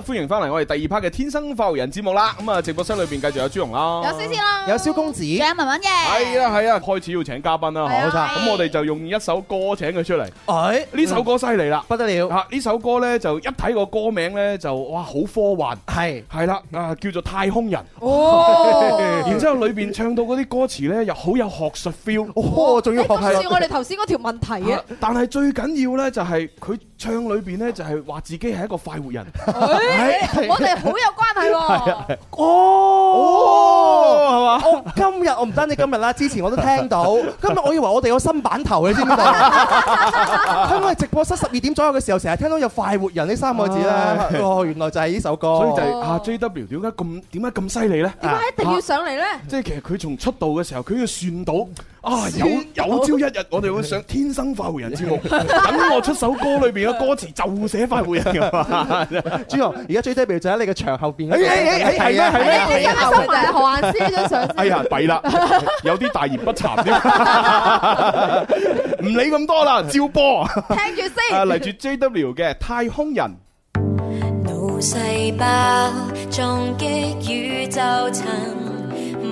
歡迎翻嚟，我哋第二 part 嘅天生快活人節目啦。咁啊，直播室裏邊繼續有朱紅啦，有少少啦，有蕭公子，仲有文文嘅。係啊係啊，開始要請嘉賓啦。好啦，咁我哋就用一首歌請佢出嚟。誒，呢首歌犀利啦，不得了。吓，呢首歌咧就一睇個歌名咧就哇好科幻，係係啦啊，叫做太空人。然之後裏邊唱到嗰啲歌詞咧又好有學術 feel。仲要學似我哋頭先嗰條問題啊。但係最緊要咧就係佢唱裏邊咧就係話自己係一個快活人。我哋好有關係喎。哦，係嘛？今日我唔單止今日啦，之前我都聽到。今日我以為我哋有新版頭，你知唔知道？因為直播室十二點左右嘅時候，成日聽到有快活人呢三個字咧。哦，原來就係呢首歌。所以就係阿 JW 點解咁點解咁犀利咧？點解一定要上嚟咧？即係其實佢從出道嘅時候，佢要算到。啊！有有朝一日，我哋會上《天生快活人》節目，等我出首歌裏邊嘅歌詞就寫快活人嘅。之後，而家 J W 就喺你嘅牆後邊。係啊係啊，何雁詩張相。哎呀，弊啦，有啲大言不慚。唔 理咁多啦，照播。聽住先。嚟住、啊、J W 嘅《太空人》。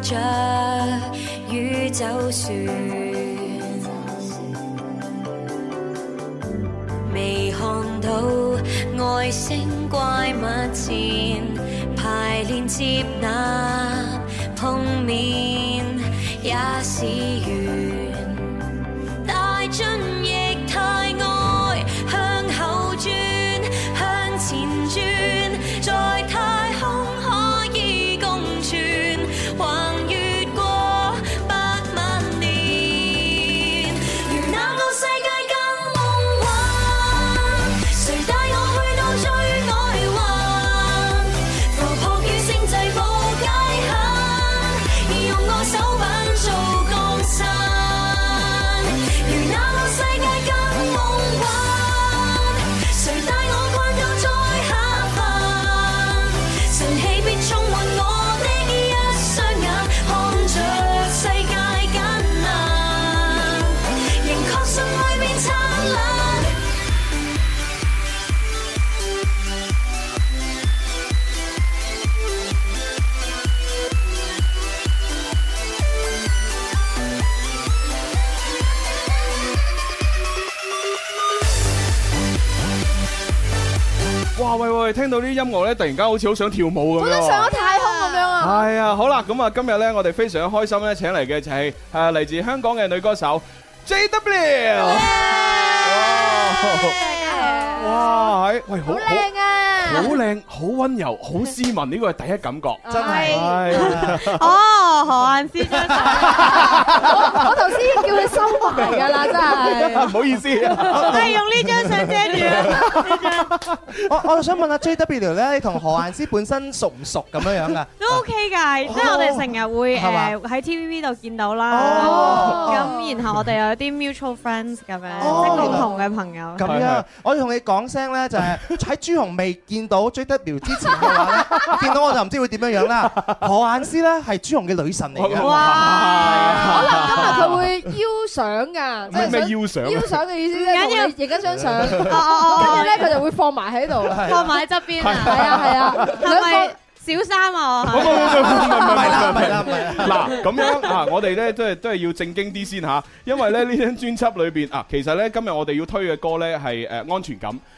著宇宙船， 未看到外星怪物前， 排練接納 碰面也是緣。 聽到啲音樂咧，突然間好似好想跳舞咁樣，好似上咗太空咁樣啊！係啊，好啦，咁啊，今日咧，我哋非常開心咧，請嚟嘅就係誒，嚟自香港嘅女歌手 JW。大家好，哇，喂，好好。好靚，好溫柔，好斯文，呢個係第一感覺，真係。哦，何雁詩張相，我頭先叫佢收埋噶啦，真係。唔好意思，我係用呢張相遮住。呢張，我我就想問下 JW 咧，你同何雁詩本身熟唔熟咁樣樣噶？都 OK 噶，即係我哋成日會誒喺 TVB 度見到啦。哦。咁然後我哋有啲 mutual friends 咁樣，即係共同嘅朋友。咁樣，我要同你講聲咧，就係喺朱紅未見。見到 JW 之前嘅話，見到我就唔知會點樣樣啦。何雁詩咧係朱紅嘅女神嚟嘅。哇！可能，今日佢會邀相㗎，即係咩邀相？邀相嘅意思咧，要影一張相，哦哦哦，咧、哦、佢、哦、就會放埋喺度，放埋喺側邊啊！係啊係啊，係咪、啊、小三啊？唔係唔係啦。嗱咁樣啊，我哋咧都係都係要正經啲先嚇，因為咧呢張專輯裏邊啊，其實咧今日我哋要推嘅歌咧係誒安全感。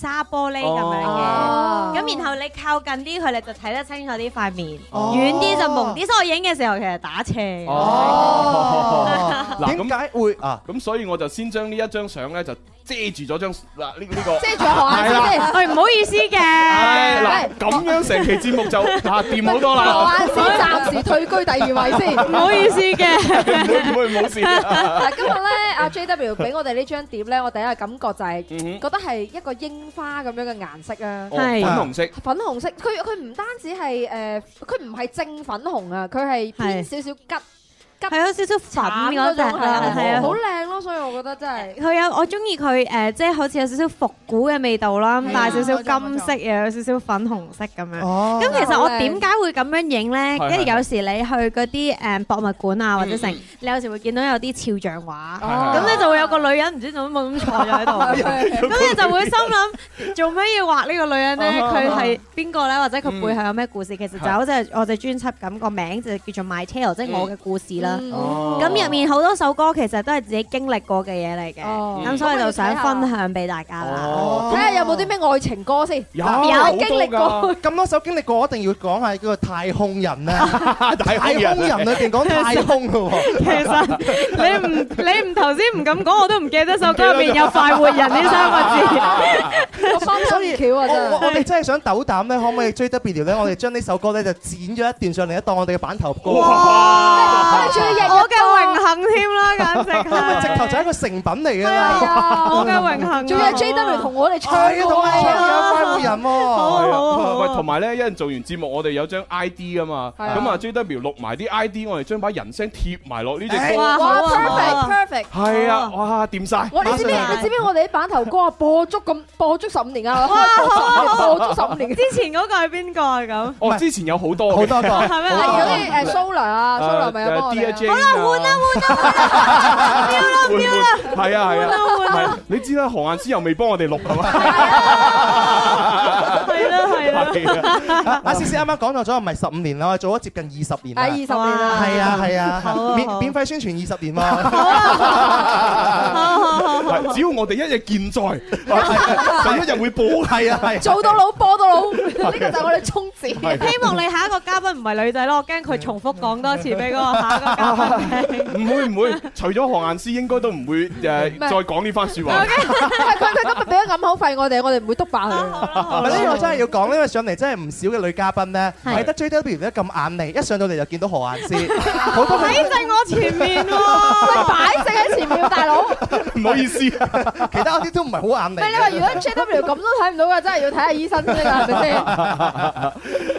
沙玻璃咁樣嘅，咁然後你靠近啲佢，你就睇得清楚啲塊面；遠啲就朦啲。所以我影嘅時候其實打斜。哦，點解會啊？咁所以我就先將呢一張相咧就遮住咗張嗱，呢呢個遮住我係啦，唔好意思嘅。係嗱，咁樣成期節目就啊掂好多啦。何韻詩暫時退居第二位先，唔好意思嘅。唔好唔好唔好事啦。嗱，今日咧阿 JW 俾我哋呢張碟咧，我第一個感覺就係覺得係一個英。花咁樣嘅顏色啊，哦、粉紅色，粉紅色。佢佢唔單止係誒，佢唔係正粉紅啊，佢係偏少少橘。係咯，少少粉嗰隻係啊，係啊，好靚咯，所以我覺得真係佢有我中意佢誒，即係好似有少少復古嘅味道啦，帶少少金色又有少少粉紅色咁樣。哦，咁其實我點解會咁樣影咧？跟住有時你去嗰啲誒博物館啊或者成，你有時會見到有啲肖像畫，咁咧就會有個女人唔知做乜冇咁坐咗喺度，咁你就會心諗做咩要畫呢個女人咧？佢係邊個咧？或者佢背後有咩故事？其實就好似我哋專輯咁個名就叫做 My Tale，即係我嘅故事啦。咁入面好多首歌，其實都係自己經歷過嘅嘢嚟嘅，咁所以就想分享俾大家啦。睇下有冇啲咩愛情歌先，有經歷過咁多首經歷過，一定要講下嗰個太空人咧。太空人裏邊講太空嘅喎。其實你唔你唔頭先唔敢講，我都唔記得首歌入邊有快活人呢三個字。所以，我我我哋真係想鬥膽咧，可唔可以追得別條咧？我哋將呢首歌咧就剪咗一段上嚟，當我哋嘅版頭歌。我嘅榮幸添啦，簡直！咁咪直頭就係一個成品嚟嘅。我嘅榮幸。仲有 JW 同我哋唱歌，超級人喎。係啊，喂，同埋咧，一陣做完節目，我哋有張 ID 啊嘛。咁啊，JW 錄埋啲 ID，我哋將把人聲貼埋落呢隻歌。哇！Perfect，perfect。係啊！哇！掂晒。我你知唔知？你知唔知？我哋啲版頭歌啊，播足咁，播足十五年啊！哇！好好好，播足十五年。之前嗰個係邊個啊？咁？哦，之前有好多嘅。好多個。係咩？例如嗰啲誒 Sola 啊，Sola 咪有播。好啦，換啦，換啦，掉啦，掉啦，係啊，係啊，係，你知啦，何雁詩又未幫我哋錄係嘛？阿思思啱啱講咗咗，唔係十五年咯，我哋做咗接近二十年。係二十年啊！係啊係啊，啊啊啊啊免免費宣傳二十年喎。只要我哋一日健在，第、 啊、一日、 啊、會播，係 啊係。啊做到老，播到老，呢、 啊、 個就係我哋宗旨。啊啊、希望你下一個嘉賓唔係女仔咯，我驚佢重複講多次俾嗰下一個唔 會唔會，除咗何雁詩，應該都唔會誒、啊、 再講呢番説話。佢佢今日俾咗咁好費我哋，我哋唔會督爆佢。所以我真係要講，因咁嚟真係唔少嘅女嘉賓咧，係得 J W 而家咁眼利，一上到嚟就見到何雁詩，擺正我前面喎，擺正喺前面，大佬唔好意思，其他啲都唔係好眼利。咩？你話如果 J W 咁都睇唔到嘅，真係要睇下醫生先啦？係咪先？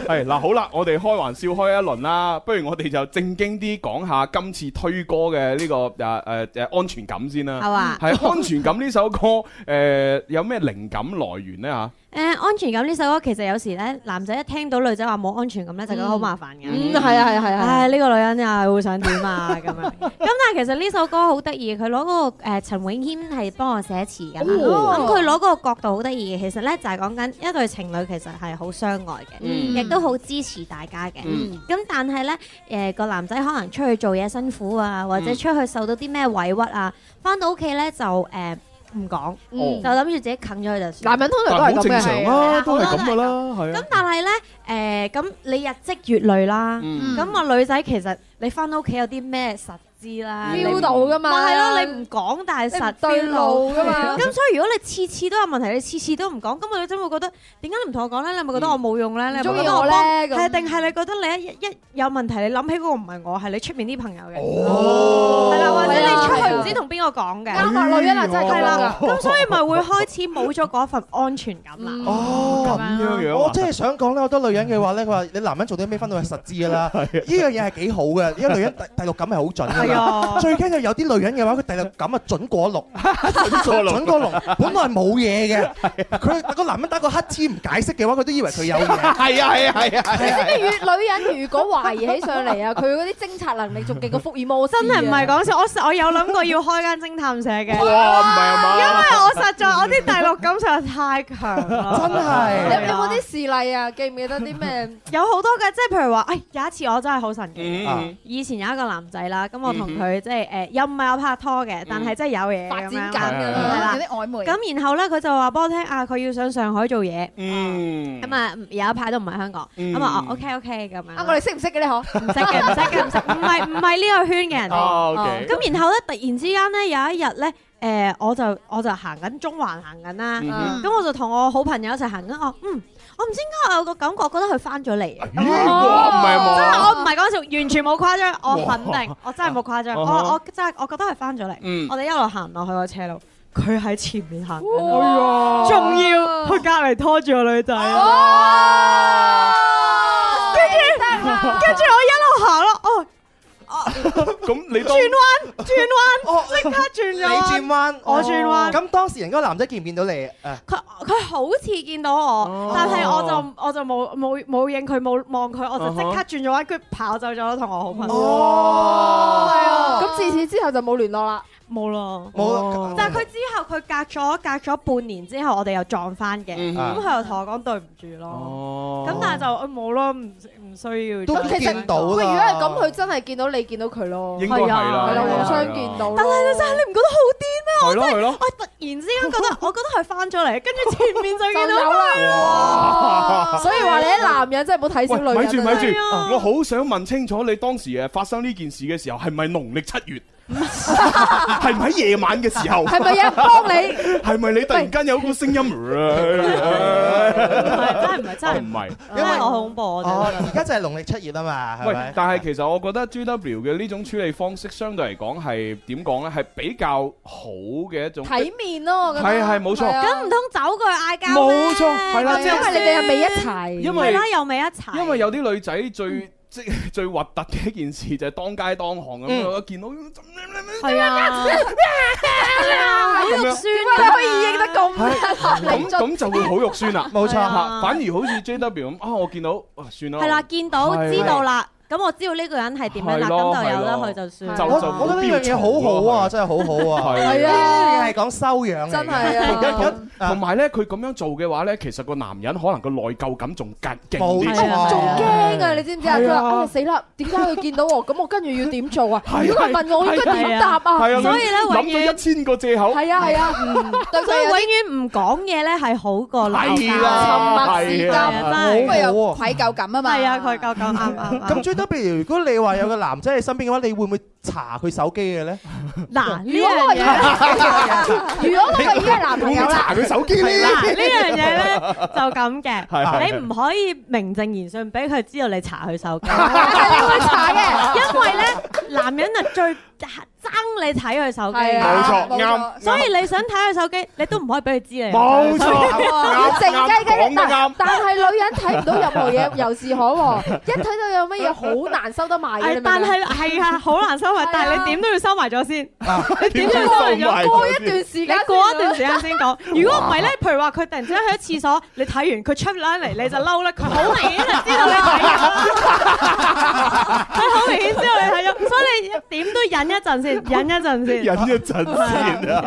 係嗱，好啦，我哋開玩笑開一輪啦，不如我哋就正經啲講下今次推歌嘅呢個誒誒誒安全感先啦。係啊，係安全感呢首歌誒有咩靈感來源咧嚇？誒、呃，安全感呢首歌其實有時咧，男仔一聽到女仔話冇安全感咧，就覺得好麻煩嘅。係啊，係啊，係啊。唉，呢、哎，這個女人又係會想點啊？咁樣。咁、 嗯、但係其、呃哦嗯、其實呢首歌好得意，佢攞嗰個誒陳詠謙係幫我寫詞噶啦。咁佢攞嗰個角度好得意嘅，其實咧就係講緊一對情侶其實係好相愛嘅，亦、嗯、都好支持大家嘅。咁、嗯嗯嗯、但係咧，誒、呃、個男仔可能出去做嘢辛苦啊，或者出去受到啲咩委屈啊，翻到屋企咧就誒。呃就呃嗯唔講，嗯、就諗住自己啃咗佢就算。男人通常都係好正常啊，啊都係咁嘅啦，係。咁、啊、但係咧，誒、呃，咁你日積月累啦、啊，咁個、嗯、女仔其實你翻屋企有啲咩實，知啦，表露噶嘛，咪係咯，你唔講但係實表露噶嘛。咁所以如果你次次都有問題，你次次都唔講，咁我真會覺得點解你唔同我講咧？你係咪覺得我冇用咧？你鍾意我咧，定係你覺得你一一有問題，你諗起嗰個唔係我，係你出面啲朋友嘅。哦，係啦，或者你你出去唔知同邊個講嘅。啱埋女人啊，真係係啦。咁所以咪會開始冇咗嗰份安全感啦。哦，咁樣樣，我真係想講咧，我覺得女人嘅話咧，佢話你男人做啲咩分到係實質噶啦，呢樣嘢係幾好嘅。依個女人第六感係好準。最驚就係有啲女人嘅話，佢第六感啊準過龍，準過龍，本來冇嘢嘅，佢個男人打個乞嗤唔解釋嘅話，佢都以為佢有。係啊係啊係啊！你知唔知女人如果懷疑起上嚟啊，佢嗰啲偵察能力仲勁過福爾摩斯，真係唔係講笑。我我有諗過要開間偵探社嘅。哇！唔係啊嘛。因為我實在我啲第六感實在太強啦，真係。你有冇啲事例啊？記唔記得啲咩？有好多嘅，即係譬如話，誒有一次我真係好神奇。以前有一個男仔啦，咁我。同佢即係誒、呃，又唔係有拍拖嘅，但係真係有嘢發展緊㗎啦，有啲曖昧。咁然後咧，佢就話俾我聽啊，佢要上上海做嘢。嗯，哦、嗯。咁啊，有一排都唔喺香港。咁啊、嗯嗯、OK OK 咁樣。啊，我哋識唔 識嘅咧？好，唔識嘅，唔識嘅，唔識。唔係唔係呢個圈嘅人。咁然後咧，突然之間咧，有一日咧。誒，我就我就行緊中環行緊啦，咁我就同我好朋友一齊行緊，我嗯，我唔知點解我有個感覺，覺得佢翻咗嚟。真係我唔係講笑，完全冇誇張，我肯定，我真係冇誇張，我我真係我覺得佢翻咗嚟，我哋一路行落去個車路，佢喺前面行，仲要佢隔離拖住個女仔，跟住跟住我。咁 你轉彎彎，轉彎，即刻轉咗。你轉彎，我轉彎。咁當時人嗰個男仔見唔見到你？誒、啊，佢佢好似見到我，哦、但係我就我就冇冇冇應佢，冇望佢，我就即刻轉咗彎，佢跑走咗同我好朋友。哦，係、哦哦、啊。咁自此之後就冇聯絡啦。冇咯，冇。但係佢之後佢隔咗隔咗半年之後，我哋又撞翻嘅，咁佢又同我講對唔住咯。咁但係就冇咯，唔唔需要。都其實如果係咁，佢真係見到你，見到佢咯。係啊，互相見到。但係你真係你唔覺得好癲咩？我真係我突然之間覺得，我覺得佢翻咗嚟，跟住前面就見到佢。所以話你啲男人真係冇睇少女。睇住睇住，我好想問清楚你當時誒發生呢件事嘅時候係咪農曆七月？係咪喺夜晚嘅時候？係咪有人幫你？係咪你突然間有一個聲音？真係唔係真。唔係，因為我好恐怖。我而家就係農曆七月啊嘛。喂，但係其實我覺得 G W 嘅呢種處理方式相對嚟講係點講咧？係比較好嘅一種體面咯。我覺得。係係冇錯。咁唔通走過去嗌交？冇錯，係啦，因為你哋又未一齊，因為又未一齊。因為有啲女仔最。即最核突嘅一件事就係當街當行咁樣，我見到係啊，肉酸。點解可以影得咁合理？咁就會好肉酸啦，冇錯嚇。反而好似 JW 咁啊，我見到哇，算啦，係啦，見到知道啦。咁我知道呢個人係點樣啦，咁就有啦佢就算。我覺得呢樣嘢好好啊，真係好好啊。係啊，呢樣嘢係講修養嘅。真係同同同埋咧，佢咁樣做嘅話咧，其實個男人可能個內疚感仲勁啲啊！仲驚啊！你知唔知啊？佢話：哎呀死啦，點解佢見到喎？咁我跟住要點做啊？如果問我應該點答啊？所以咧，諗咗一千個藉口。係啊係啊，所以永遠唔講嘢咧係好過內疚。黴啦，係啊，好過有愧疚感啊嘛。係啊，愧疚感啱啱。咁譬如如果你話有個男仔喺身邊嘅話，你會唔會查佢手機嘅咧？嗱，如果我話呢個，如果我已經係男朋友查佢手機嗱，這個、呢樣嘢咧就咁嘅。 你唔可以名正言順俾佢知道你查佢手機，你唔可以查嘅，因為咧 男人啊最～爭你睇佢手機，冇錯，啱。所以你想睇佢手機，你都唔可以俾佢知你。冇錯，靜雞雞。但係女人睇唔到任何嘢，遊是可望。一睇到有乜嘢，好難收得埋。但係係啊，好難收埋。但係你點都要收埋咗先。你點都要收埋咗。過一段時間，你過一段時間先講。如果唔係咧，譬如話佢突然之間去咗廁所，你睇完佢出翻嚟，你就嬲咧。佢好明顯知道你睇咗。佢好明顯知道你睇咗，所以你點都忍一陣先。忍一陣先， 忍一陣先、啊、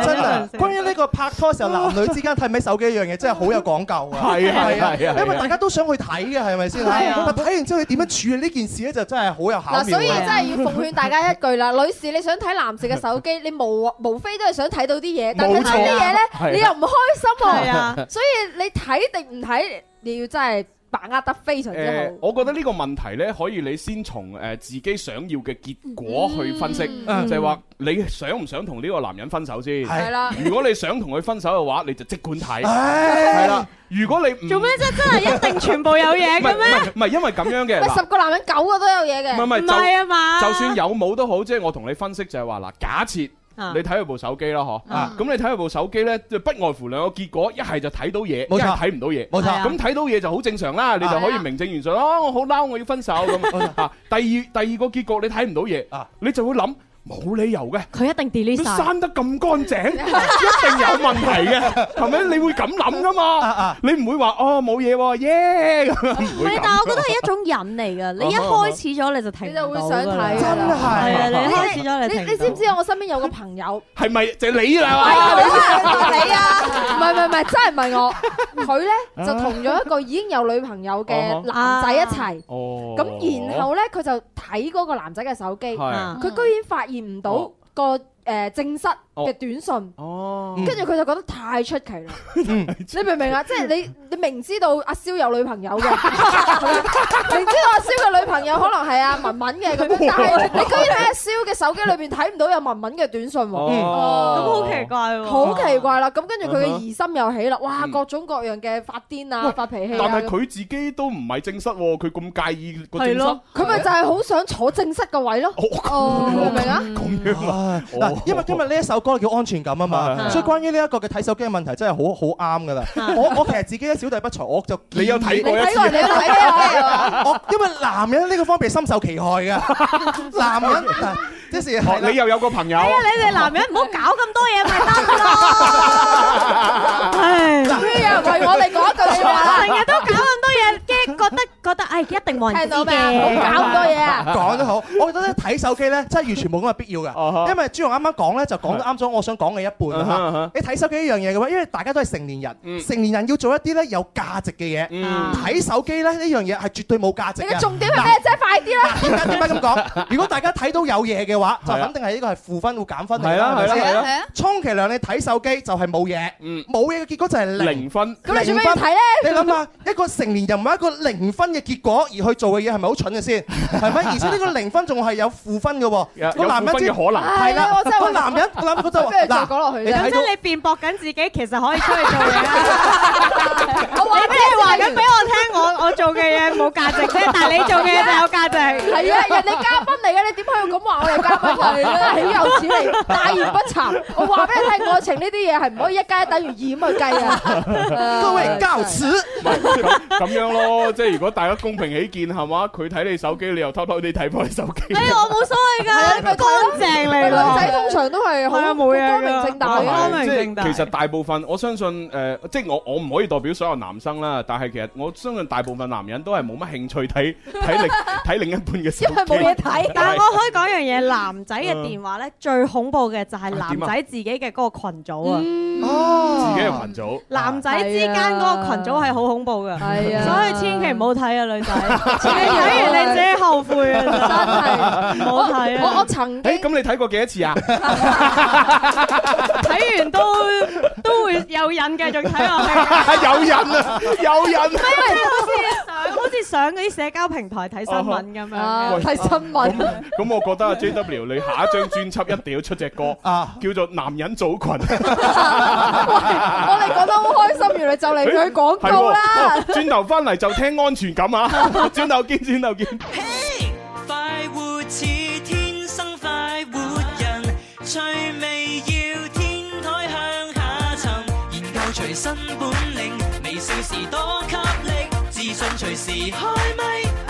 真係的， 關於呢個拍拖時候男女之間睇唔起手機一樣嘢，真係好有講究啊！係啊係啊，因為大家都想去睇嘅，係咪先？係啊，但睇完之後你點樣處理呢件事咧，就真係好有效。嗱，所以真係要奉勸大家一句啦， 女士你想睇男士嘅手機，你無無非都係想睇到啲嘢，但係睇到啲嘢咧，啊、你又唔開心啊！啊啊所以你睇定唔睇，你要真係～把握得非常之好、呃。我覺得呢個問題呢，可以你先從誒、呃、自己想要嘅結果去分析，嗯、就係話、嗯、你想唔想同呢個男人分手先？係啦。如果你想同佢分手嘅話，你就即管睇。係啦。如果你做咩啫？真係一定全部有嘢嘅咩？唔係 因為咁樣嘅。 十個男人九個都有嘢嘅。唔係唔係，就算有冇都好，即係我同你分析就係話嗱，假設。你睇佢部手機咯，嗬。咁你睇佢部手機咧，不外乎兩個結果，一係就睇到嘢，一係睇唔到嘢。冇錯。咁睇到嘢就好正常啦，你就可以名正言順。啊，我好嬲，我要分手咁。啊，第二第二個結局你睇唔到嘢，啊，你就會諗冇理由嘅。佢一定 delete。刪得咁乾淨，一定有問題嘅。係咪？你會咁諗噶嘛？你唔會話哦，冇嘢喎耶唔會係，但係我覺得係一種癮嚟嘅。你一開始咗你就睇到你就會想睇，真係。係啊，你。你你知唔知啊？我身邊有個朋友係咪麼就係、你啦？係咪啊？你啊？唔係唔係唔係，真係唔係我。佢咧就同咗一個已經有女朋友嘅男仔一齊。哦、啊。咁然後咧，佢就睇嗰個男仔嘅手機，佢、啊、居然發現唔到、個誒正室。啊呃嘅短信，跟住佢就覺得太出奇啦！你明唔明啊？即係你你明知道阿蕭有女朋友嘅，明知道阿蕭嘅女朋友可能係阿文文嘅咁，但係你居然喺阿蕭嘅手機裏邊睇唔到有文文嘅短信喎，咁好奇怪喎！好奇怪啦！咁跟住佢嘅疑心又起啦，哇！各種各樣嘅發癲啊，發脾氣。但係佢自己都唔係正室喎，佢咁介意。係咯，佢咪就係好想坐正室嘅位咯？哦，你明唔明啊？咁樣啊！嗱，因為今日呢一首。嗰個叫安全感啊嘛，所以關於呢一個嘅睇手機嘅問題真係好好啱噶啦。我我其實自己小弟不才，我就你有睇過一次。你睇過，你有睇過。我因為男人呢個方面深受其害㗎。男人，即時你又有個朋友。係啊，你哋男人唔好搞咁多嘢咪得咯。唉，今日為我哋講一句話啦，成日都搞咁多。覺得覺得，哎，一定冇人睇到嘅，搞咁多嘢啊！講得好，我覺得睇手機咧，真係完全冇咁嘅必要嘅。因為朱紅啱啱講咧，就講得啱咗我想講嘅一半。你睇手機呢樣嘢嘅話，因為大家都係成年人，成年人要做一啲咧有價值嘅嘢。睇手機咧呢樣嘢係絕對冇價值。重點係咩啫？快啲啦！點解咁講？如果大家睇到有嘢嘅話，就肯定係呢個係負分會減分嚟係啦，係啦，係啊！充其量你睇手機就係冇嘢，冇嘢嘅結果就係零分。咁你做咩睇咧？你諗下一個成年人唔係一個零分嘅結果而去做嘅嘢係咪好蠢嘅先？係咪？而且呢個零分仲係有負分嘅喎。個男人知可能？係啦，個男人我諗佢都嗱，即係再講落去你咁即你辯駁緊自己其實可以出去做嘢啦。我話俾你話緊俾我聽，我我做嘅嘢冇價值啫，但係你做嘅嘢有價值。係啊，人哋嘉賓嚟嘅，你點可以咁話我係嘉賓嚟嘅？豈有此理大言不慚，我話俾你聽，愛情呢啲嘢係唔可以一加一等於二咁去計啊。各位膠屎！咁樣咯。即係如果大家公平起見係嘛，佢睇你手機，你又偷偷哋睇翻你手機。哎，我冇所謂㗎，佢乾淨嚟女仔通常都係開冇嘢㗎。其實大部分，我相信誒，即係我我唔可以代表所有男生啦。但係其實我相信大部分男人都係冇乜興趣睇睇另睇另一半嘅事。因為冇嘢睇。但我可以講一樣嘢，男仔嘅電話咧最恐怖嘅就係男仔自己嘅嗰個羣組啊。哦。自己嘅群組。男仔之間嗰個羣組係好恐怖㗎。係啊。所以千祈唔好睇啊，女仔你睇完你自己後悔啊，真係唔好睇啊！我我曾經誒，咁你睇過幾多次啊？睇完都都會有癮，繼續睇落去，有癮啊，有癮！唔係好似上好似上嗰啲社交平台睇新聞咁樣睇新聞。咁我覺得啊，JW 你下一張專輯一定要出隻歌，叫做《男人組群》。喂，我哋覺得好開心，原來就嚟去廣告啦！轉頭返嚟就。聽安全感啊！ 轉頭見，轉頭見。嘿，快活似天生快活人。趣味要天台向下沉，研究隨身本領，微笑時多給力，自信隨時開咪。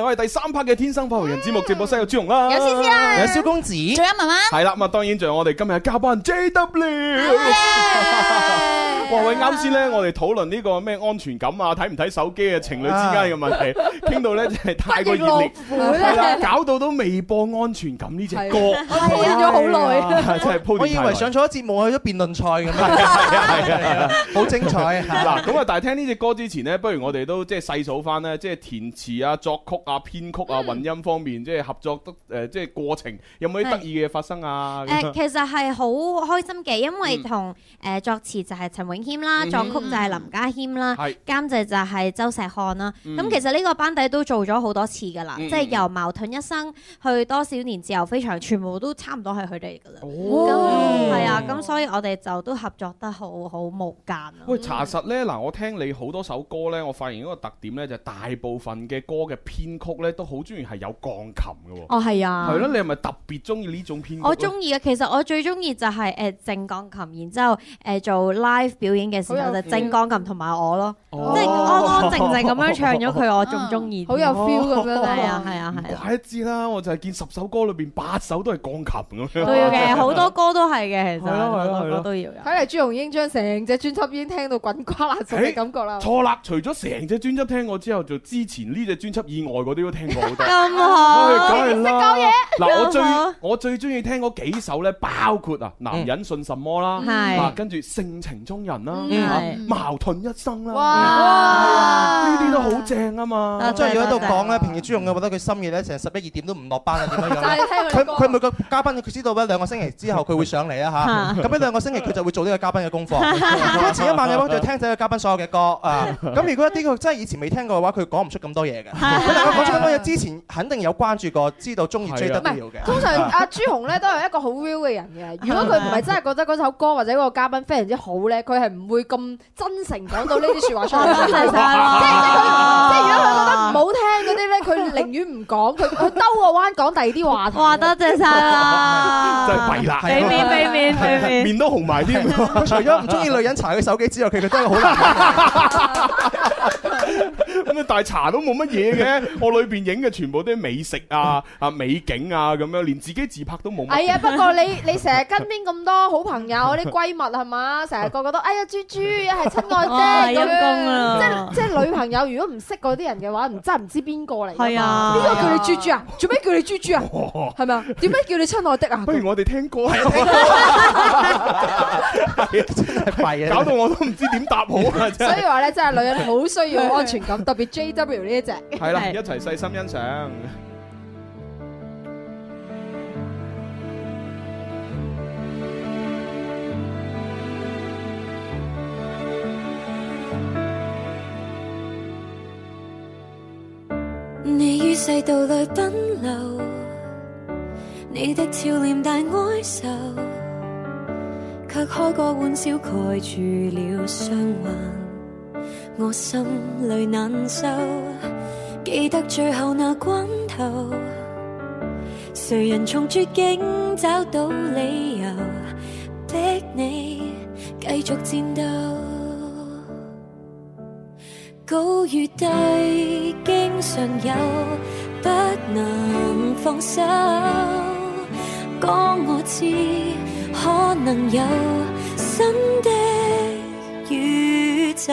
我係第三 part 嘅《天生發育人節目，嗯、直播室有朱融啦，有 C C 啦，有蕭公子，仲有媽媽，係啦，咁當然仲有我哋今日嘅嘉賓 J W。哇！喂，啱先咧，我哋討論呢個咩安全感啊，睇唔睇手機嘅情侶之間嘅問題，傾到咧真係太過熱烈，係啦，搞到都未播安全感呢隻歌，編咗好耐，我以為上咗節目去咗辯論賽咁啊，係啊，係好精彩嗱，咁啊，但係聽呢隻歌之前呢，不如我哋都即係細數翻呢，即係填詞啊、作曲啊、編曲啊、混音方面，即係合作都誒，即係過程有冇啲得意嘅嘢發生啊？誒，其實係好開心嘅，因為同誒作詞就係陳永謙啦，作曲就係林家謙啦，監製、嗯、就係周石漢啦。咁、嗯、其實呢個班底都做咗好多次噶啦，嗯、即係由《矛盾一生》去《多少年自由飛翔》，全部都差唔多係佢哋噶啦。哦，係樣、嗯、啊，咁所以我哋就都合作得好好無間咯。喂，查實呢？嗱，我聽你好多首歌呢，我發現一個特點呢，就大部分嘅歌嘅編曲呢，都好中意係有鋼琴噶。哦，係啊。係咯，你係咪特別中意呢種編曲？我中意嘅，其實我最中意就係、是、誒、呃、正鋼琴，然之後誒做 live 表。表演嘅時候就整鋼琴同埋我咯，即係安安靜靜咁樣唱咗佢，我仲中意。好有 feel 咁樣，係啊係啊係。我一知啦，我就係見十首歌裏邊八首都係鋼琴咁樣。都要嘅，好多歌都係嘅，其實。好多歌都要有。睇嚟朱紅英將成隻專輯已經聽到滾瓜爛熟嘅感覺啦。錯啦，除咗成隻專輯聽過之後，就之前呢隻專輯以外啲都聽過好多。咁好。梗係啦。識講嘢。嗱，我最我最中意聽嗰幾首咧，包括啊《男人信什麼》啦，嗱，跟住《性情中人》。矛盾一生啦，呢啲都好正啊嘛！即係要喺度講咧，平日朱紅，嘅，覺得佢深夜咧成日十一二點都唔落班嘅。就係聽佢歌。佢佢每個嘉賓，佢知道咧兩個星期之後佢會上嚟啊吓，咁喺兩個星期，佢就會做呢個嘉賓嘅功課。前一晚嘅話，就聽真個嘉賓所有嘅歌啊。咁如果一啲佢真係以前未聽過嘅話，佢講唔出咁多嘢嘅。佢能夠講出咁多嘢，之前肯定有關注過，知道中意 JW 嘅。通常阿朱紅咧都係一個好 real 嘅人嘅。如果佢唔係真係覺得嗰首歌或者嗰個嘉賓非常之好咧，佢係。唔會咁真誠講到呢啲説話出嚟，即係佢，即係如果佢覺得唔好聽嗰啲咧，佢寧願唔講，佢佢兜個彎講第二啲話題。哇，多謝晒啦！就係廢啦，俾面俾面俾面，面都紅埋啲。除咗唔中意女人查佢手機之外，其實都係好。大茶都冇乜嘢嘅，我裏邊影嘅全部都係美食啊、啊美景啊咁樣，連自己自拍都冇。係啊、哎，不過你 你成日跟邊咁多好朋友、啲閨蜜係嘛？成日個個都哎呀豬豬，係親愛啫，即即女朋友如果唔識嗰啲人嘅話，唔真係唔知邊個嚟。係啊，邊個叫你豬豬啊？做咩叫你豬豬啊？係咪啊？點解叫你親愛的啊？不如我哋聽歌，真係搞到我都唔知點答好 所以話咧，真係女人好需要安全感， 特別。JW 呢一隻，係 啦，一齊細心欣賞。你於世道裡奔流，你的俏臉帶哀愁，卻開個玩笑蓋住了傷痕。我心裏難受，記得最後那關頭，誰人從絕境找到理由，逼你繼續戰鬥？ 高與低經常有，不能放手，講 我知，可能有新的宇宙。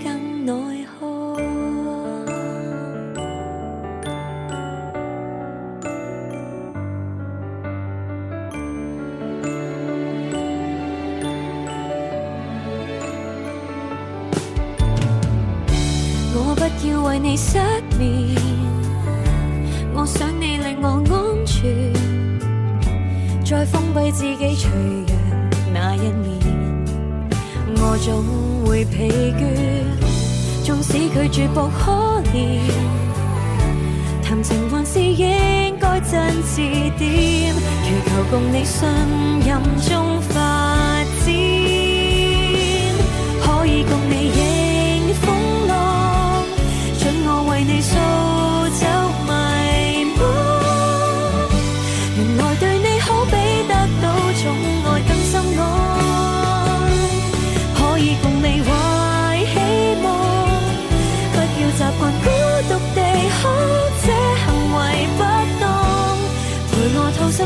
絕不可憐，談情還是應該真摯點，祈求共你信任中。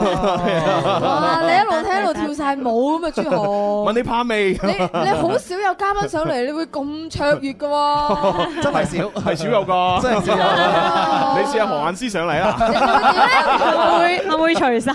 哇！你一路聽一路跳晒舞咁啊，朱豪問你怕未？你你好少有嘉賓上嚟，你會咁卓越嘅喎，真係少，係少有個，真係少。有！你試下何雁詩上嚟啊！我會，我會除衫。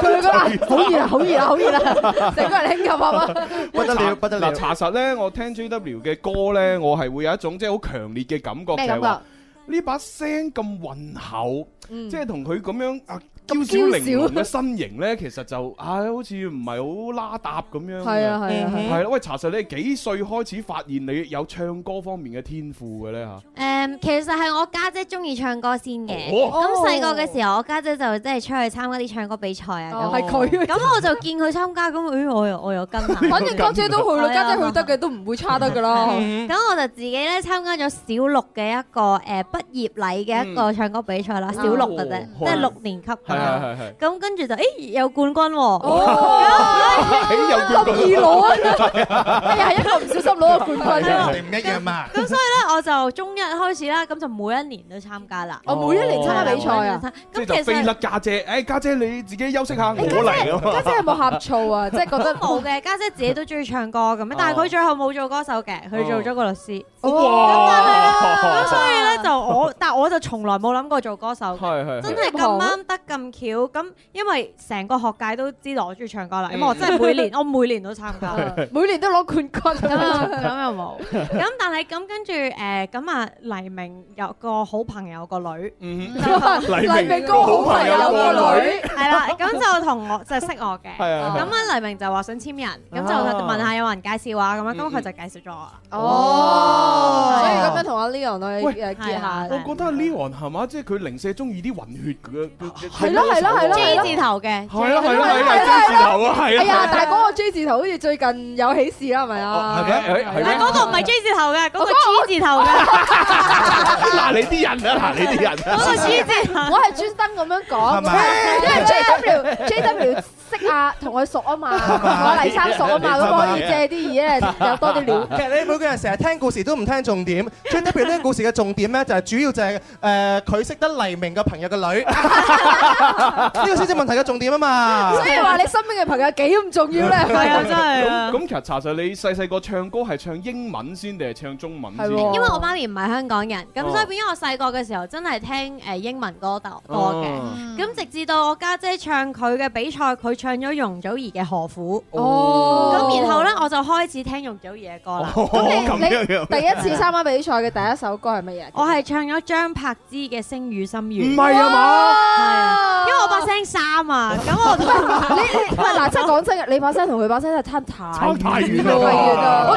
佢嗰個好熱啊！好熱啊！好熱啊！成個人興浸啊！不得了，不得了！查實咧，我聽 JW 嘅歌咧，我係會有一種即係好強烈嘅感覺，咩感覺？呢把聲咁渾厚，嗯、即係同佢咁樣啊。嬌小玲瓏嘅身形咧，其實就唉，好似唔係好拉搭咁樣。係啊係啊係。係咯，喂，查實你幾歲開始發現你有唱歌方面嘅天賦嘅咧？吓？誒，其實係我家姐中意唱歌先嘅。咁細個嘅時候，我家姐就即係出去參加啲唱歌比賽啊。係佢。咁我就見佢參加，咁誒，我又我又跟下。反正家姐都去啦，家姐去得嘅都唔會差得噶啦。咁我就自己咧參加咗小六嘅一個誒畢業禮嘅一個唱歌比賽啦。小六嘅啫，即係六年級。咁跟住就，誒，有冠軍喎，咁易攞啊！又係一個唔小心攞個冠軍，唔一樣嘛。咁所以咧，我就中一開始啦，咁就每一年都參加啦。我每一年參加比賽啊。咁其實，飛甩家姐，誒，家姐你自己休息下，我嚟。家姐家姐有冇呷醋啊？即係覺得冇嘅，家姐自己都中意唱歌咁樣，但係佢最後冇做歌手嘅，佢做咗個律師。哇！咁啊，咁所以咧就我，但係我就從來冇諗過做歌手，真係咁啱得咁。咁，因為成個學界都知道我中意唱歌啦。咁我真係每年，我每年都參加，每年都攞冠軍啦。咁又冇。咁但係咁跟住誒咁啊，黎明有個好朋友個女，黎明個好朋友個女係啦。咁就同我就係識我嘅。咁啊，黎明就話想簽人，咁就問下有人介紹啊。咁樣，咁佢就介紹咗我啦。哦。所以咁樣同阿 Leon 可以結下。我覺得 Leon 係嘛？即係佢零舍中意啲混血咯，係咯，係咯 J 字頭嘅，係咯，係咯，係咯，係咯，係啊！但係嗰個 J 字頭好似最近有喜事啦，係咪啊？係嗰、哦 嗰個唔係 J 字頭嘅，嗰、嗰個 G 字頭嘅。嗱 你啲人啊，嗱你啲人啊。嗰個 G 字，我係專登咁樣講，因為 JW JW。識下，同佢熟啊嘛，同阿黎生熟啊嘛，可唔可以借啲嘢咧，有多啲料？其實你每個人成日聽故事都唔聽重點，特別呢個故事嘅重點咧，就係主要就係誒佢識得黎明嘅朋友嘅女，呢個先至問題嘅重點啊嘛。所以話你身邊嘅朋友幾咁重要咧，係啊，真係。咁其實查實你細細個唱歌係唱英文先定係唱中文先？因為我媽咪唔係香港人，咁所以變咗我細個嘅時候真係聽誒英文歌多多嘅。咁直至到我家姐唱佢嘅比賽，佢。唱咗容祖兒嘅《何苦》哦，咁然後咧我就開始聽容祖兒嘅歌啦。咁你你第一次參加比賽嘅第一首歌係乜嘢？我係唱咗張柏芝嘅《星語心願》。唔係啊嘛，因為我把聲沙啊。咁我你喂嗱，即係講真嘅，你把聲同佢把聲真係差太遠啊！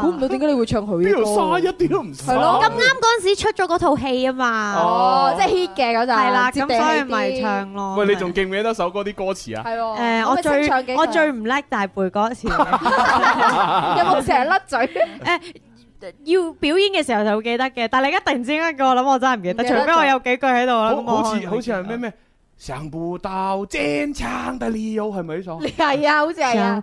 估唔到點解你會唱佢？邊度嘥一啲都唔嘥。係咯，咁啱嗰陣時出咗嗰套戲啊嘛。哦，即係 hit 嘅嗰陣。係啦，咁所以咪唱咯。喂，你仲記唔記得首歌啲歌詞啊？係喎。誒，我最我最唔叻大背歌詞，有冇成日甩嘴？誒，要表演嘅時候就好記得嘅，但你而家突然之間叫我諗，我真係唔記得。除非我有幾句喺度啦。好似好似係咩咩，上不到天窗的理由係咪呢首？係啊，好似係啊。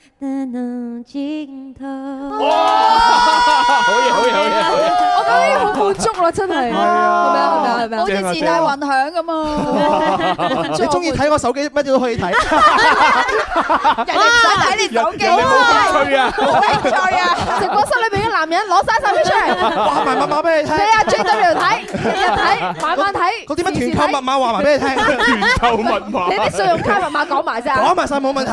好嘢！好嘢！好嘢！我覺得已經好滿足啦，真係。我咩啊？我打係咩啊？好似自帶雲響咁啊。你中意睇我手機乜嘢都可以睇。人哋想睇你手機啊？冇興趣啊，冇興趣啊。直播室裏邊嘅男人攞晒手機出嚟，話埋密碼俾你聽。係啊，最多人睇，日日睇，晚晚睇。嗰啲乜團購密碼話埋俾你聽。團購密碼。你啲信用卡密碼講埋啫。講埋晒冇問題，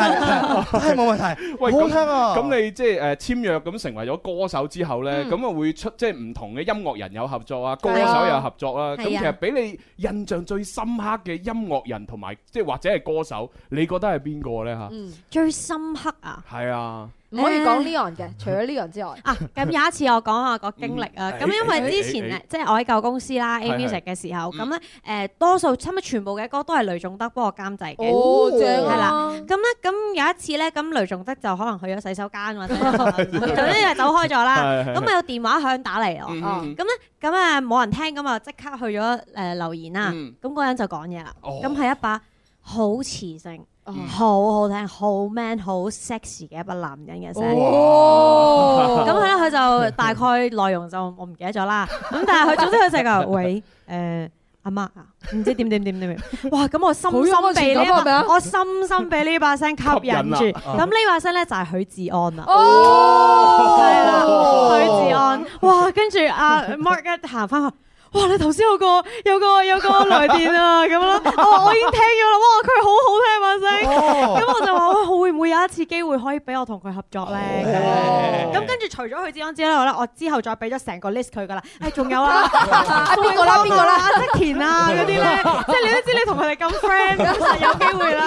係冇問題。喂，咁你即係誒簽約咁成為咗歌手之後呢，咁啊、嗯、會出即係唔同嘅音樂人有合作啊，歌手有合作啦。咁是、啊、其實俾你印象最深刻嘅音樂人同埋即係或者係歌手，你覺得係邊個呢？吓、嗯，最深刻啊，係啊。唔可以講呢樣嘅，除咗呢樣之外。啊，咁有一次我講下個經歷啊，咁因為之前咧即係我喺舊公司啦 AMUSIC 嘅時候，咁咧誒多數差唔多全部嘅歌都係雷頌德幫我監製嘅。哦，正。係啦，咁咧咁有一次咧，咁雷頌德就可能去咗洗手間或者總之係走開咗啦。咁係有電話響打嚟我，咁咧咁啊冇人聽，咁啊即刻去咗誒留言啦。咁嗰人就講嘢啦。咁係一把好磁性，好好聽，好 man，好 sexy 嘅一把男人嘅聲，咁咧佢就大概內容就我唔記得咗啦。咁 但係佢總之佢就話喂，誒阿媽啊，唔知點點點點，哇！咁、啊、我深深被呢，我深深被呢把聲吸引住。咁呢把聲咧就係許志安啦。哦，係啦，許志安，哇！跟住阿 Mark 一行翻去。哇！你頭先有個有個有個來電啊，咁樣啦，我已經聽咗啦。哇！佢好好聽把聲，咁我就話：哇！會唔會有一次機會可以俾我同佢合作咧？咁跟住除咗許志安之外，我之後再俾咗成個 list 佢噶啦。誒，仲有啦，邊個啦？邊個啦？側田啊嗰啲咧，即係你都知你同佢哋咁 friend，咁就有機會啦。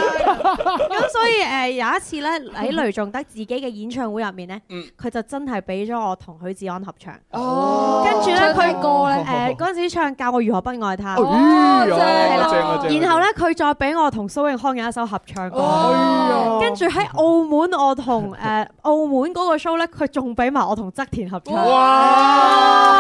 咁所以誒，有一次咧，喺雷頌德自己嘅演唱會入面咧，佢就真係俾咗我同許志安合唱。哦，跟住咧佢個誒只唱教我如何不愛他，然後咧佢再俾我同蘇永康有一首合唱，跟住喺澳門我同誒澳門嗰個 show 咧，佢仲俾埋我同側田合唱，哇，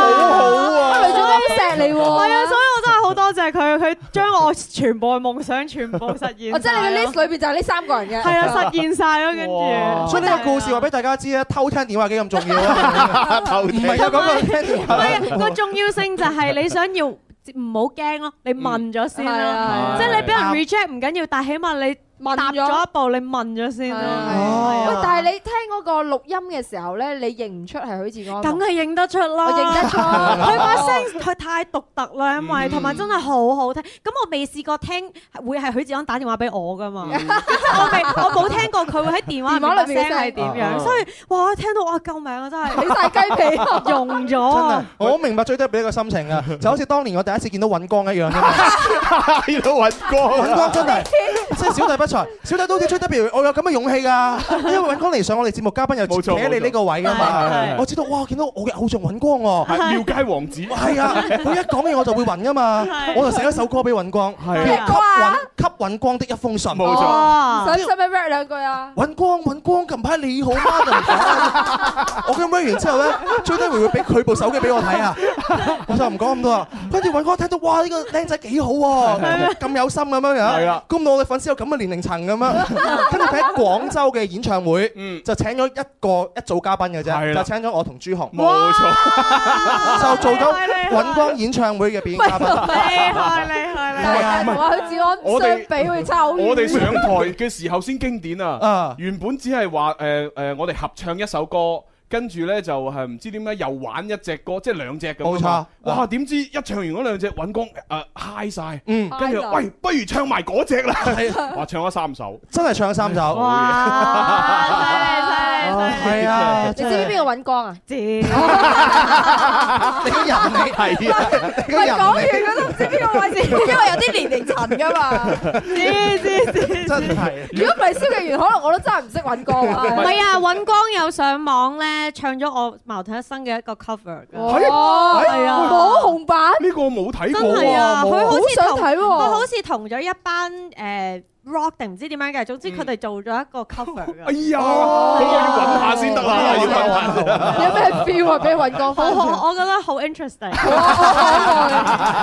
好好啊，我女仔都好錫你，係啊，所以我真係好多謝佢，佢將我全部嘅夢想全部實現，即係你嘅 list 裏邊就係呢三個人嘅。係啊，實現晒咯，跟住，所以呢個故事話俾大家知啊，偷聽電話幾咁重要啊，唔係啊，咁啊，聽住，唔係啊，個重要性就係你想要唔好驚咯，你問咗先啦，嗯、即係你俾人 reject 唔緊要，但係起碼你。答咗一步，你問咗先啦。喂，但係你聽嗰個錄音嘅時候咧，你認唔出係許志安？梗係認得出啦，我認得出。佢把聲，佢太獨特啦，因為同埋真係好好聽。咁我未試過聽，會係許志安打電話俾我㗎嘛？我未，我冇聽過佢會喺電話電話裏面聲係點樣。所以，哇！聽到哇，救命啊！真係，起晒雞皮，融咗。真係，我好明白最得 B 個心情啊！就好似當年我第一次見到尹光一樣啫嘛。到尹光，尹光真係，即係小弟不。小弟都幾出得別，我有咁嘅勇氣㗎，因為尹光嚟上我哋節目，嘉賓又企喺你呢個位㗎嘛。我知道，哇！見到我嘅偶像尹光喎，廟街王子係啊，佢一講嘢我就會暈㗎嘛，我就寫一首歌俾尹光，係。吸吸尹光的一封信。冇錯。首詩係咩兩句啊？尹光尹光，近排你好嗎？我咁 read 完之後咧，最得會會俾佢部手機俾我睇啊。我就唔講咁多啦。跟住尹光聽到，哇！呢個靚仔幾好喎，咁有心咁樣啊。咁我哋粉絲有咁嘅年齡。層咁樣，跟住喺廣州嘅演唱會，就請咗一個、嗯、一組嘉賓嘅啫，是的 就請咗我同朱紅，冇錯哇， 就做咗滾光演唱會嘅表演嘉賓。厲害厲害厲害！唔係唔係，佢治安我哋比佢差好遠。我哋上台嘅時候先經典啊！ 原本只係話誒誒，我哋合唱一首歌。跟住咧就係唔知點解又玩一隻歌，即係兩隻咁啊！冇錯，哇，點知一唱完嗰兩隻尹光，誒 high 曬，嗯，跟住喂，不如唱埋嗰隻啦，哇，唱咗三首，真係唱咗三首，哇，犀利犀利，係啊！你知唔知邊個尹光啊？知，你又係啊？唔係講完佢都唔知邊個位置，因為有啲年齡層噶嘛，知知知，真係。如果唔係蕭敬員，可能我都真係唔識尹光啊！唔係啊，尹光有上網咧。唱咗我矛盾一生嘅一個 cover，哇，係啊，攞紅版呢個我冇睇過，真係啊，佢、啊啊、好似同佢、啊、好似同咗一班誒。呃 Rock 定唔知點樣嘅，總之佢哋做咗一個 cover。哎呀，咁我揾下先得啦，有咩 feel 啊？俾你揾個，我覺得好 interesting，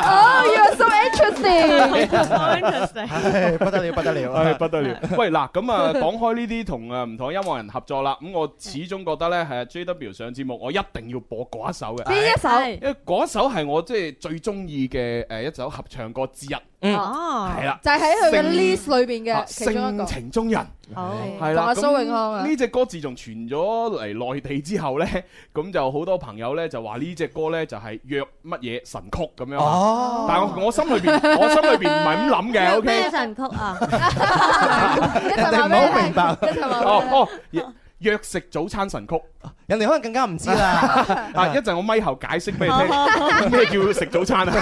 哦，你係 so interesting，不得了，不得了，不得了。喂，嗱，咁啊，講開呢啲同啊唔同音樂人合作啦，咁我始終覺得咧係 JW 上節目，我一定要播嗰一首嘅，呢一首，因為嗰首係我即係最中意嘅誒一首合唱歌之一。哦，係啦，就喺佢嘅 list 裏邊嘅性情中人，係啦，蘇永康啊。呢隻歌自從傳咗嚟內地之後咧，咁就好多朋友咧就話呢隻歌咧就係約乜嘢神曲咁樣。哦，但係我我心裏邊我心裏邊唔係咁諗嘅，O K？咩神曲啊？唔係好明白，哦。約食早餐神曲，啊、人哋可能更加唔知啦。啊，一陣、 啊、我咪後解釋俾你聽，咩 叫食早餐啊？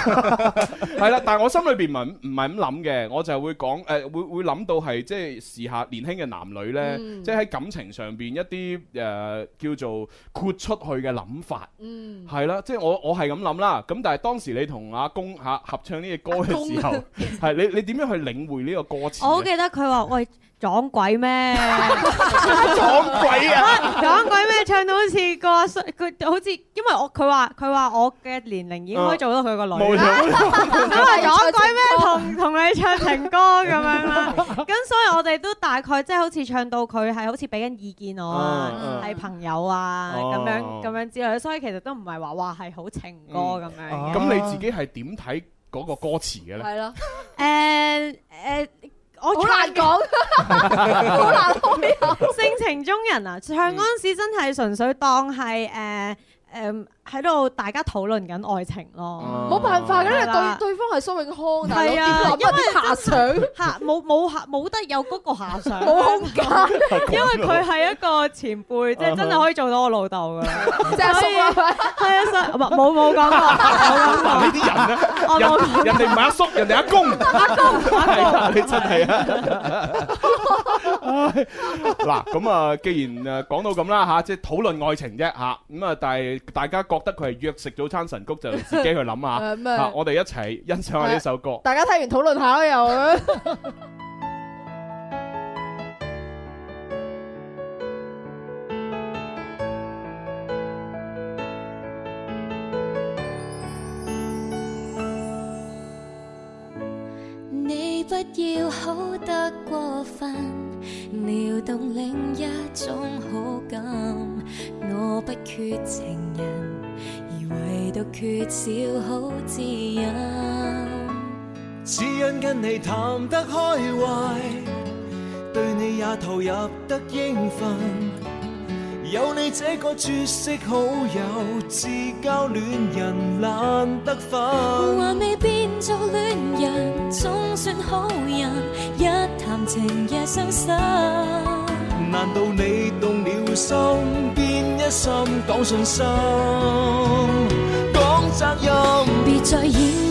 係 啦，但係我心裏邊唔唔係咁諗嘅，我就會講誒、呃，會會諗到係即係時下年輕嘅男女呢，嗯、即係喺感情上邊一啲誒、呃、叫做豁出去嘅諗法。嗯，係啦，即係我我係咁諗啦。咁但係當時你同阿公嚇合唱呢隻歌嘅時候，係公你你點樣去領會呢個歌詞？我記得佢話喂。撞鬼咩？ 撞鬼啊！撞、啊、鬼咩？唱到好似歌，佢好似，因為我佢話佢話我嘅年齡已經可以做到佢個女。咁啊錯 撞鬼咩？ 同同你唱情歌咁樣啦、啊。咁所以我哋都大概即係好似唱到佢係好似俾緊意見我，啊，係朋友啊咁、嗯、樣咁、哦、樣，樣之類。所以其實都唔係話話係好情歌咁樣。咁、嗯啊嗯、你自己係點睇嗰個歌詞嘅咧？係咯。誒誒。我好難講，好難講， 性情中人啊，唱陣時真係純粹當係誒。嗯呃誒，喺度大家討論緊愛情咯，冇辦法嘅咧，對對方係蘇永康，但係因為遐想嚇，冇冇下冇得有嗰個遐想，冇空間，因為佢係一個前輩，即係真係可以做到我老豆噶啦，所以係啊，冇冇講錯，冇講錯，呢啲人咧，人哋唔係阿叔，人哋阿公，阿公，係啊，你真係啊。嗱，咁 啊，啊，既然誒講，啊、到咁啦吓，即係討論愛情啫吓，咁啊，但係大家覺得佢係約食早餐神曲，就自己去諗下。吓、 啊啊、我哋一齊欣賞下呢首歌，啊、大家聽完討論下又、啊。你不要好得過分。 撩動另一種好感，我不缺情人，而唯獨缺少好摯友。只因跟你談得開懷，對你也投入得應分。有你這個絕色好友，至交戀人難得分。還未變做戀人，總算好人，一談情夜傷心。難道你動了心，變一心講信心，講責任，別再演。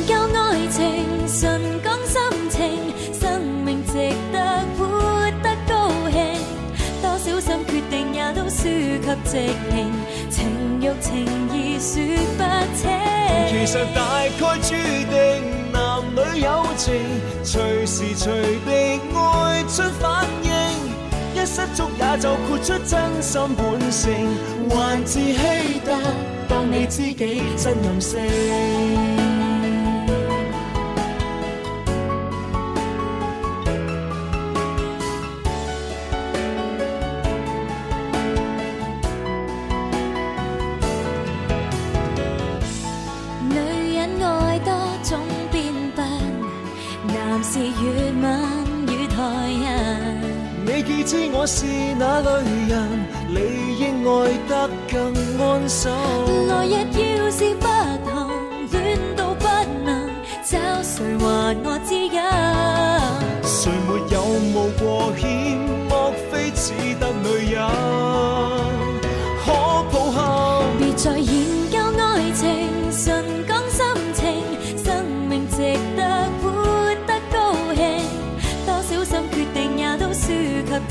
該注定男女友情，隨時隨地愛出反應。一失足也就豁出真心本性，還自欺得當你知己真任性。知我是哪類人，你應愛得更安心。來日要是不幸，戀到不能，找誰還我知？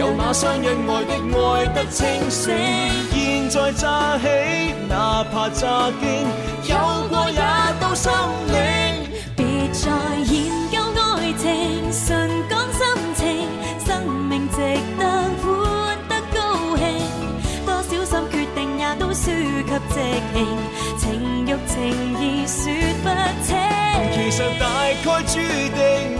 有那相因愛的愛得清醒，現在乍起，哪怕乍驚，有過也都心領。別再研究愛情，純講心情，生命值得歡得高興。多少心決定也都輸給直情，情欲情意説不清，其實大概注定。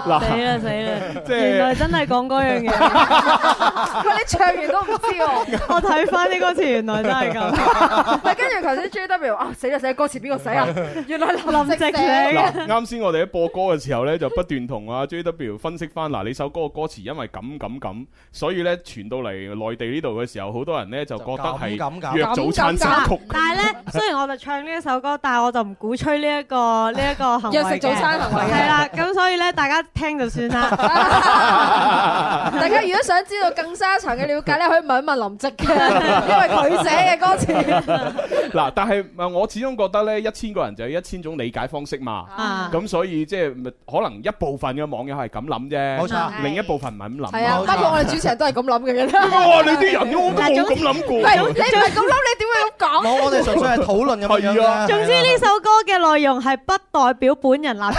死啦死啦！原來真係講嗰樣嘢，佢哋唱完都唔知喎。我睇翻啲歌詞，原來真係咁。咪跟住頭先 J W 啊，死啦死啦！歌詞邊個死啊？原來林夕寫嘅。啱先我哋喺播歌嘅時候咧，就不斷同啊 J W 分析翻。嗱，呢首歌嘅歌詞因為咁咁咁，所以咧傳到嚟內地呢度嘅時候，好多人咧就覺得係約早餐插曲。但係咧，雖然我就唱呢一首歌，但係我就唔鼓吹呢一個呢一個行為嘅。約食早餐行為係啦，咁所以咧，大家。聽就算啦，大家如果想知道更深一層嘅了解咧，可以問一問林夕嘅，因為佢寫嘅歌詞。嗱，但係我始終覺得咧，一千個人就有一千種理解方式嘛，咁所以即係可能一部分嘅網友係咁諗啫，冇錯，另一部分唔係咁諗。包括我哋主持人都係咁諗嘅。哇，你啲人我都冇咁諗過。唔係你唔係咁諗，你點會咁講？冇，我哋純粹係討論咁樣樣。總之呢首歌嘅內容係不代表本人立場。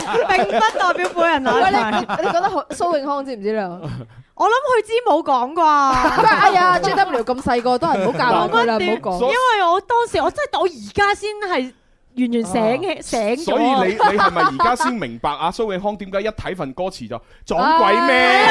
並 不代表本人啊！你你覺得好 蘇永康知唔知咧？ 我諗佢知冇講啩、啊。 哎呀，J W 咁細個，都係唔好教佢啦，唔好講。因為我當時我真係到而家先係，完全醒醒咗， 所以你你係咪而家先明白啊？蘇永康點解一睇份歌詞就撞鬼咩？哎、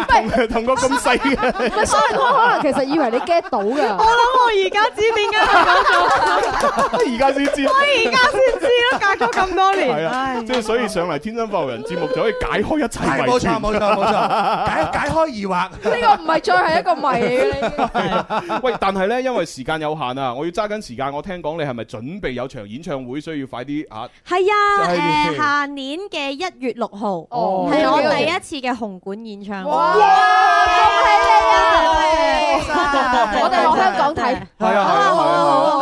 呀 同個咁細嘅蘇永康可能其實以為你 get 到㗎的。我諗我而家知點解係咁頭，而家先知，我而家先知啦，隔咗咁多年，即係、 啊、所以上嚟《天生發人》節目就可以解開一切謎冇、哎、錯冇 錯冇錯，解解開疑惑。呢個唔係再係一個謎嚟、這個 啊、喂，但係咧，因為時間有限啊，我要揸緊時間。我聽講你係咪準備有？場演唱會，所以要快啲啊！係啊，誒，下年嘅一月六號哦，係我第一次嘅紅館演唱會哇！恭喜你啊，多謝！我哋喺香港睇。係啊！好啊，好啊，好啊。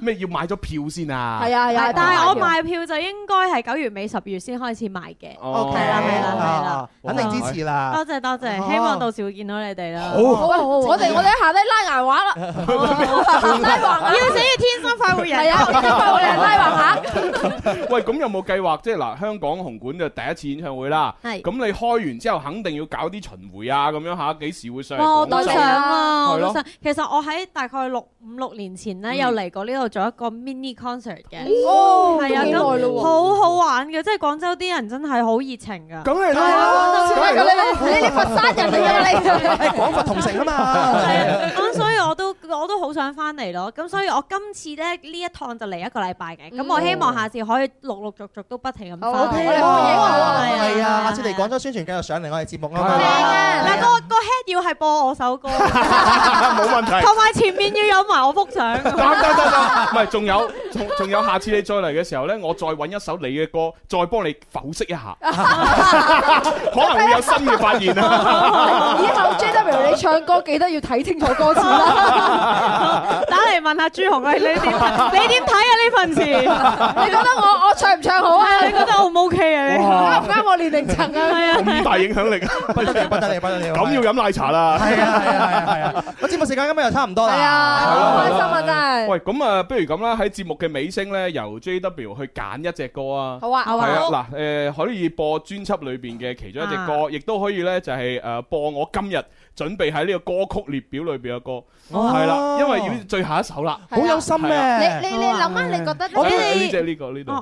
咩要買咗票先啊？係啊係啊，但係我賣票就應該係九月尾、十月先開始賣嘅。OK 啦，係啦，係啦，肯定支持啦。多謝多謝，希望到時會見到你哋啦。好，我哋我哋下低拉牙畫啦，要死天生快活人，啊，天生快活人拉畫嚇。喂，咁有冇計劃即係嗱香港紅館嘅第一次演唱會啦？係。咁你開完之後，肯定要搞啲巡迴啊，咁樣嚇。幾時會上？我都想啊，其實我喺大概六五六年前咧，有嚟過。呢度做一個 mini concert 嘅，哦，係啊，咁好好玩嘅，即係廣州啲人真係好熱情噶。咁係啊，咁、啊、你你你佛山人嚟㗎你廣 佛同城啊嘛。係啊，咁所以我都。 我都好想翻嚟咯，咁所以我今次咧呢一趟就嚟一個禮拜嘅，咁我希望下次可以陸陸續續都不停咁翻。OK，係啊，下次嚟廣州宣傳，繼續上嚟我哋節目啊嘛。嗱個 head 要係播我首歌，冇問題。同埋前面要有埋我幅相。得得得，唔係，仲有仲仲有，下次你再嚟嘅時候咧，我再揾一首你嘅歌，再幫你剖析一下，可能有新嘅發現啊！以後 JW 你唱歌記得要睇清楚歌詞啦。打嚟問下朱紅啊，你點？你點睇啊？呢份詞，你覺得我我唱唔唱好啊？你覺得 O 唔 OK 啊？你啱唔啱我年齡層啊？咁大影響力啊，拜託你，拜託你，拜託你。咁要飲奶茶啦。係啊，係啊，係啊。我節目時間今日又差唔多啦。係啊，好開心啊真係。喂，咁啊，不如咁啦，喺節目嘅尾聲咧，由 JW 去揀一隻歌啊。好啊，係啊。嗱，誒，可以播專輯裏邊嘅其中一隻歌，亦都可以咧，就係誒播我今日。準備喺呢個歌曲列表裏邊嘅歌，係啦，因為要最後一首啦，好有心咩。你你你諗下，你覺得我哋呢隻呢個呢度，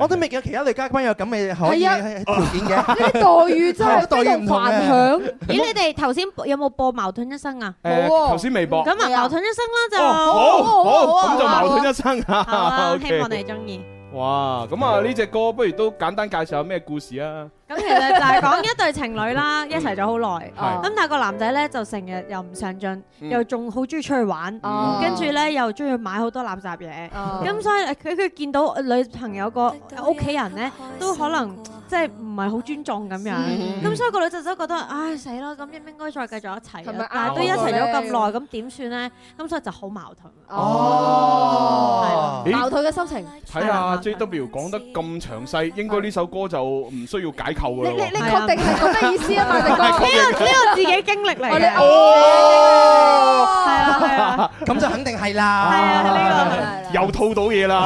我都未見其他女嘉賓有咁嘅條件嘅。呢啲待遇真係一個幻想。咦？你哋頭先有冇播《矛盾一生》啊？誒，頭先未播。咁啊，《矛盾一生》啦就好，好啊，咁就《矛盾一生》啊。希望你中意。哇，咁啊呢隻歌，不如都簡單介紹下咩故事啊？咁 其實就係講一對情侶啦， 一齊咗好耐。咁、uh. 但係個男仔咧就成日又唔上進，uh. 又仲好中意出去玩，uh. 跟住咧又中意買好多垃圾嘢。咁、uh. 嗯、所以佢佢見到女朋友個屋企人咧，都可能。即係唔係好尊重咁樣，咁所以個女仔都覺得，唉死咯，咁應唔應該再繼續一齊？但係都一齊咗咁耐，咁點算咧？咁所以就好矛盾。哦，係咯，矛盾嘅心情。睇下 JW 講得咁詳細，應該呢首歌就唔需要解構啦。你你確定係咁咩意思啊嘛？呢個呢個自己經歷嚟。哦，係啊係啊，咁就肯定係啦。係啊係呢個係啦。又套到嘢啦！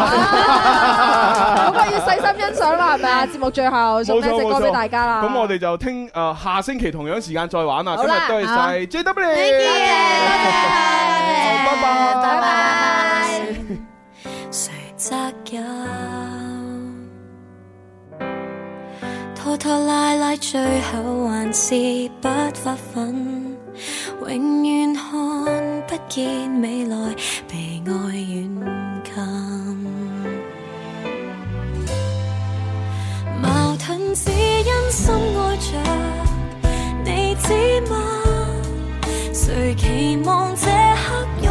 好，我要細心欣賞啦，係咪啊？節目最後。冇錯冇錯，咁我哋就聽誒、呃、下星期同樣時間再玩啦，啦今日多謝晒 JW，多謝多謝、啊，拜拜拜拜。只因深愛着你，知嗎？誰期望這刻？